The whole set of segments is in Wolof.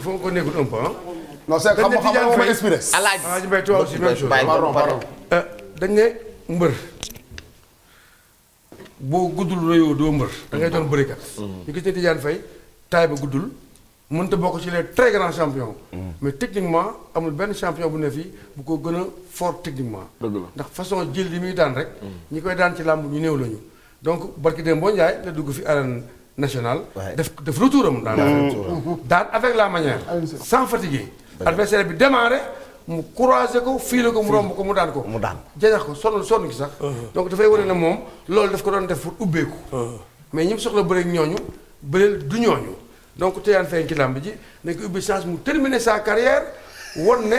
foo ko nekkul un peu ah. non c'est xam nga xam dañ ne mbër. boo guddul réyoo doo mbër. da ngay doon bërikat. Mm. ñu gis ne Tidiane Faye taay ba guddul. mënta bokk ci les très grands champions. Mm. mais techniquement amul benn champion bu ne fii bu ko gën a fort techniquement. ndax façon jël li muy daan rek. Mm. ñi koy daan ci làmb ñu néew lañu. donc barki dem boo Ndiaye la dugg fi arène. national. def def retour am. daan mhm. avec la manière. sans fatiguer. adversaire bi démarré mu croisé ko fiile ko mu romb ko mu daan ko. mu daan jañax ko sonn sonn gi sax. Mhm. donc dafay wane ne moom loolu daf ko doon def ubbeeku. Mhm. mais ñi mu soxla bëreeg ñooñu bëreel du ñooñu donc Tidiane Faye ci làmb ji nañ ko ubbi chance mu terminer sa carrière won ne.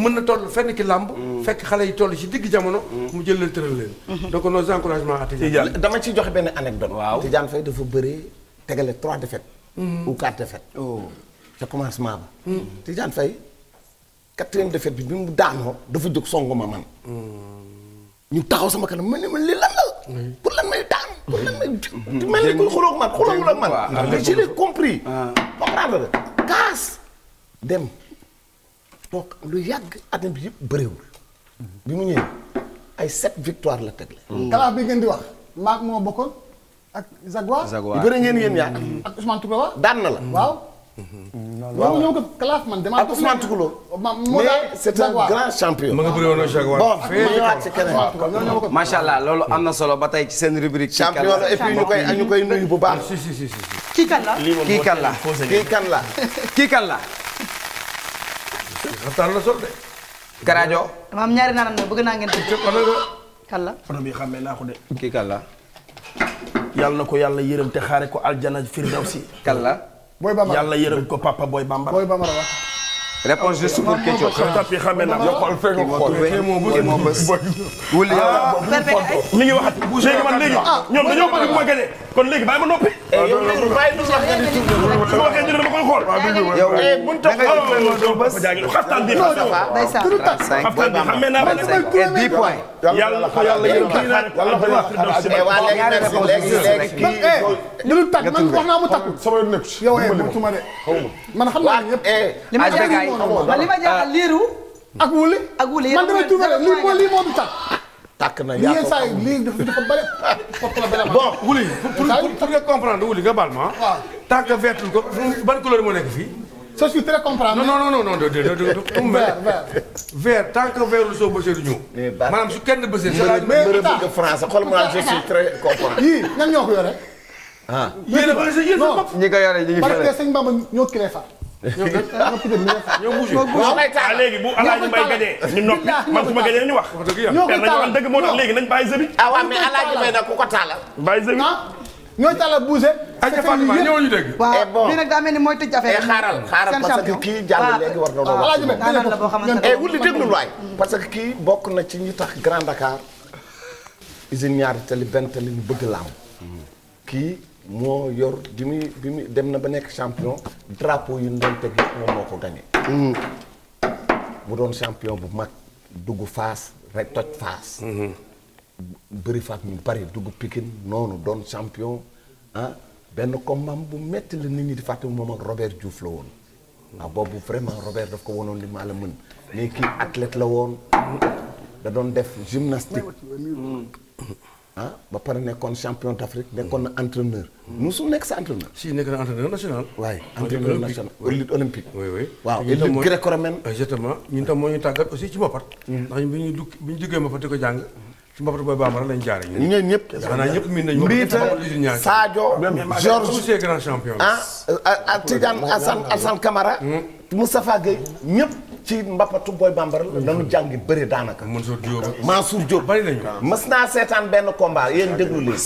mën na toll fenn ki làmb mm. fekk xale yi toll ci digg jamono mm. mu jël leen tëral leen mm-hmm. donc nos encouragements à Tidiane dama ci joxe benn anecdote waaw Tidiane Faye dafa bëree tegale trois défaites mm-hmm. ou quatre défaites oh. ca commencement ba mm-hmm. Tidiane Faye quatrième défaite bi bi mu daanoo dafa jóg songu ma man mm. ñu taxaw sama kanam ma ne ma li lan la pour lan may daan pour lan may mel ni kuy xulóog man xulóogul man mais je l'ai ah. dem toog lu yàgg adduna bi yëpp bëriwul. bi mu ñëwee ay sept victoire la tegle. kalaaf hmm. bi ngeen di wax maak moo bokkoon ak Zagwa. Zagwa bëri ngeen yéen ñaar. Hmm. ak Ousmane Touba daan na la hmm. waaw. loolu ñëw ko kalaaf man dama. ak Ousmane Touba moo mais c'est un grand champion. ma nga loolu am na solo ba tey ci seen rubrique. champion la et puis ñu koy ñu kan la kii kan kan la. xaftaan la sol de. garaajo. dama am ñaari naanam nag bëgg naa ngeen. ci xale nga. kàlla. photo bi xàmmee naa ko de. kii kàlla. yàlla na ko yàlla yërëm te xaare ko aljana firdawsi. kàlla. booy bambara yàlla yërëm ko papa booy bambara. booy bambara wa. réponse juste pour question. xaftaan bi xàmmee naa ko xool fee nga xool fee moo bës. wuli yow mi ngi waxat ah, léegi man léegi ah, ñoom dañoo bëgg bu ma gënee. kon léegi bàyyi ma noppi. waaw loolu la ma waxee ñu ne dama koy xool. yow da ngay def loolu bés. xaftaan bi xamee naa ba ne. dix points. yàlla na ko yàlla yëngu kii naa ne ko yàlla na ko yàlla na ko yàlla na tàkk na yaa ko xam lii dafa bëri kooku la benn bon wuli comprendre wuli nga baal ma. waaw tàkk vertul ko ban couleur moo nekk fii. je suis très comprendre. non non non non de de de de. vert vert tant que vertul soo bësee du ñëw. Eh, maanaam su kenn bësee. mais de France xool ma je suis comprendre. yii ñan ñoo ko yore. ah yéen a bëri sa yéen sa bopp. ñoo créé fa. ñoom nag nga tuddee mille neuf ñoo bougé waaw léegi bu Alaaji Mbay gadee ñu noppi man su ma gadee ñu wax. wax dëgg yàlla teel nañu wax dëgg moo tax ah taalal. bàyyi ay Fatima eh ni mooy tëj affaire eh, yi. xaaral xaaral parce que kii jàll léegi war na doon wax. Alaaji eh, parce que kii bokk na ci ñi tax Grand Dakar usine ñaari tali benn tali ñu bëgg laaw moo yor di muy bi muy dem na ba nekk champion drapeau yu ñu doon teg yëpp moo ko gagné. Mm-hmm. mu doon champion bu mag dugg faas rek toj faas. Mm-hmm. bëri faak ñu bëri dugg Pikine noonu doon champion ah benn combat bu metti la nit ñi di fàttali moom ak Robert Diouf la woon. waaw boobu vraiment Robert daf ko wonoon li maa la mën mais kii athlète la woon da doon def gymnastique. Mm-hmm. ah ba pare nekkoon champion d' nekkoon na entraîneur. Hmm. musu nekk sa entraîneur. si nekk na entraîneur national. waaye entraîneur national lutte olympique. oui waaw et lutte gréco-romaine. exactement ñun tam moo ñu tàggat aussi ci mbapat. Hmm. ndax Mbiita Sadio. Georges tous ces grands champions. ah, euh, ah Tidiane Assane Assane Camara. Hmm. Moustapha Gueye ñëpp ci mbappatu booy bambara la dañu jàngi bëri daanaka. Mansour Diop Mansour Diop bari nañu. mas naa seetaan benn combat yéen déglu leen.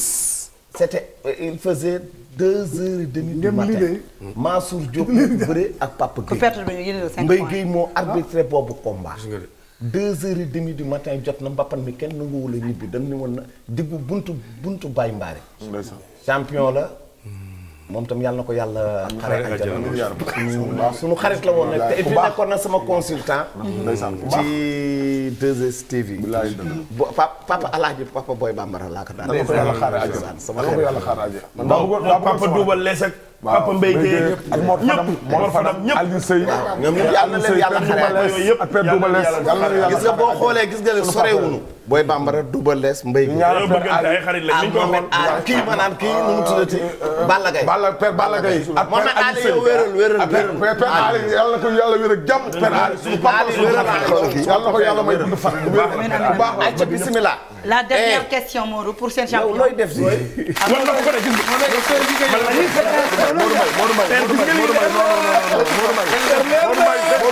c'était euh, il faisait deux heures et demie du matin Mansour Diop bëri ak Papa Gueye. Mbaye Gueye moo arbitré boobu combat. deux heures et demie du matin jot na mbappat mi kenn nanguwul a ñibbi dañ ni woon na diggu buntu buntu Baye Mbaare. champion la. moom tam yàlla na ko yàlla xare ajjana waaw suñu la woon nag te et puis na sama consultant ci 2STV papa alaaji papa Boy Bambara laa ko daan sama xarit papa duubal lees ak papa Mbaye a ak Mor Fadam Mor Fadam ñëpp Aliou Seye ñoom ñëpp yàlla na leen yàlla xare yëpp gis nga boo xoolee gis nga leen sorewunu booy bambara Double Less mbay mi. ñaar ay xarit la ñu ko xool kii maanaam kii nu mu tuddati. Balla Gaye Balla Père Balla Gaye. ak Père Aliou Seye wéeral wéeral Père Aliou yàlla na ko yàlla wéer ak jàmm. Père Aliou suñu papa suñu xarit yàlla na ko yàlla may dund fan. bu baax ayca bisimilah. la dernière question Mourou pour seen champion. looy def si. wala na ko ko def gis nga. Mourou Mbaye Mourou Mbaye Mourou Mbaye Mourou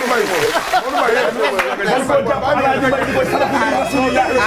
Mbaye Mourou Mbaye Mourou Mbaye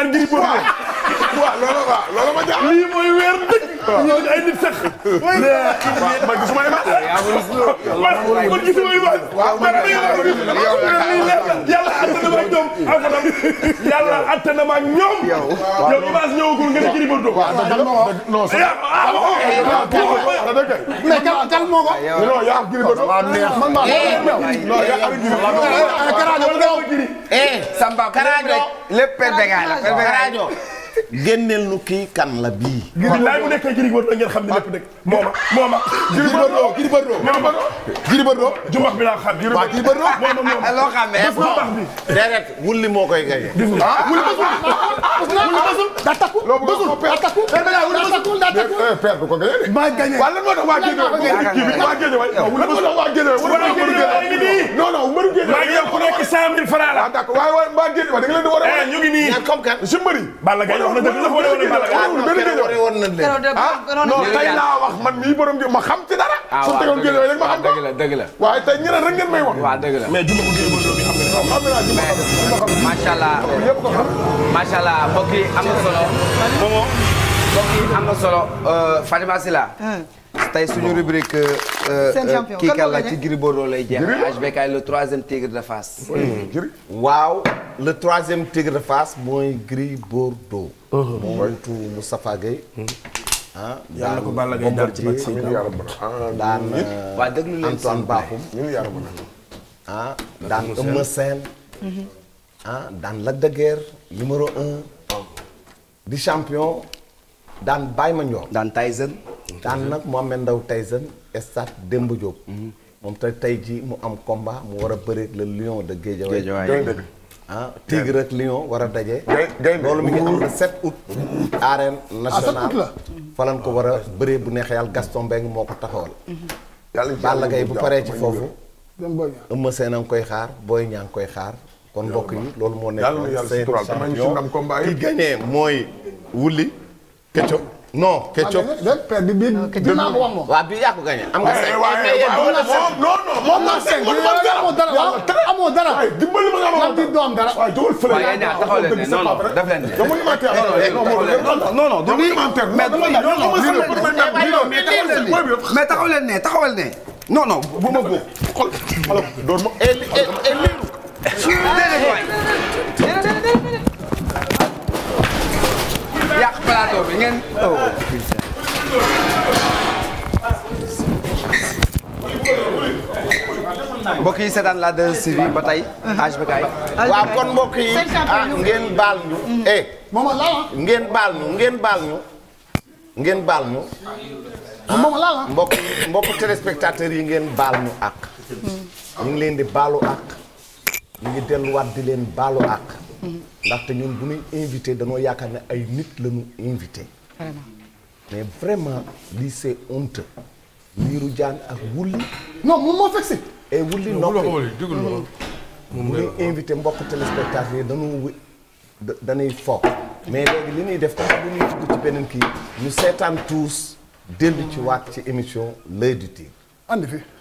xalaat ngir bëri. waaw loolu waaw loolu ma lii mooy weer ñooñu ay nit sax. man gisuma ay man. man gisuma ay man. waaw man yàlla àtte na ma ak ñoom. yàlla àtte na ma ak ñoom. yow image ñëwagul nga ne Gris Bordeaux. waaw non c'est mais kan kan moo ko. non yaa Gris Bordeaux. man maa non yaa Gris Bordeaux. Karaajo bu Samba lépp perpégal la perpégal génneel nu kii kan la bii. wallaay mu nekkee Gris Bordeaux ngeen xam ne lépp dëgg. mooma mooma. Gris Bordeaux Gris Bordeaux. mooma Gris Bordeaux. jumbax bi laa xam. waaw Gris Bordeaux mooma mooma. loo xam ne moom déedéet wulli moo koy gaye. ah wulli bësul. wulli bësul. daa takku bësul daa takku. daa takku daa takku. père eh, eh, du ko gaye de. maa gaye waaw lan moo tax waa Géejawaay. waa Géejawaay waa Géejawaay. naa la. waaw d'accord waaye waaye mbaa géej wax da nga leen di war a eh, wane. ñu ngi nii na dëgg la wane na Balla Gaye ah, ah, mii borom bi ma xam ci ah, dëgg la waaw dëgg la dëgg la. waaye dëgg la mais juma ko géej borom bi xam nga. xam naa juma ko juma ko. macha na solo. mbokk yi am solo euh, Fatima Sila tey suñu rubrique. Euh, seen euh, champion kii kan la ci Gris Bordeaux lay jeex. HBK le troisième tigre de Fass. Mm. waaw le troisième tigre de Fass mooy Gris Bordeaux. Uh-huh. mooy tu Moustapha Gueye. Uh-huh. ah yàlla ko Balla Gaye daal ci bàcc si daan euh, waa déglu leen Antoine Bakhoum ah daan Eumeu Sène mm-hmm. ah, daan Lac de Guiers numéro un oh. di champion daan Baye Mandione daan daan nag Mohamed Ndao Tyson stade Demba Diop moom te tey jii mu am combat mu war a bëre la lion de Guédiawaye ah, ah tigre ak lion war a daje loolu mi ngi am le 7 août mm-hmm. arène ah, nationale falan ko war a bëree bu neexee yàlla Gaston Mbengue moo ko taxawal mm-hmm. Balla Gaye bu paree ci foofu Eumeu Sène a koy xaar Boy Niang koy xaar kon mbokk yi loolu moo nekk seen champion ki gagné mooy wulli këcco non Ketchup bi ah, bi dinaa ko wax moom. waaw bi yaa ko gagné. am nga eh, eh, cinq non non moom nga cinq di doom dara. waaw jógal fële naa taxaw leen ne non non daf leen ne. dama eh, ne taxawal ne. non bu ma góob xool. alors door ma. plateau bi ngeen. oh. mbokk yi seetaan la 2STV ba tey. HBK waaw kon mbokk yi ah ngeen baal ñu. Mm. eh moom la ngeen baal ñu ngeen baal ñu. ngeen baal ñu. Ah, moom la la mbokk mbokk téléspectateurs yi ngeen baal ñu àq. Mm. ñu ngi leen di baalu àq. ñu ngi delluwaat di leen baalu àq. ndaxte ñun bu ñu invité dañoo yaakaar ne ay nit la ñu invité. vraiment mais vraiment lii c'est honte. Lirou Diane ak Wouly. non moom moo fekk si. et Wouly noppi bu ñuy invité mbokk téléspectateurs yi dañu dañuy foog. mais léegi li ñuy def tax bu ñuy dugg ci beneen kii ñu seetaan tous dellu ci waat ci émission l'Oeil du Tigre. andi fi.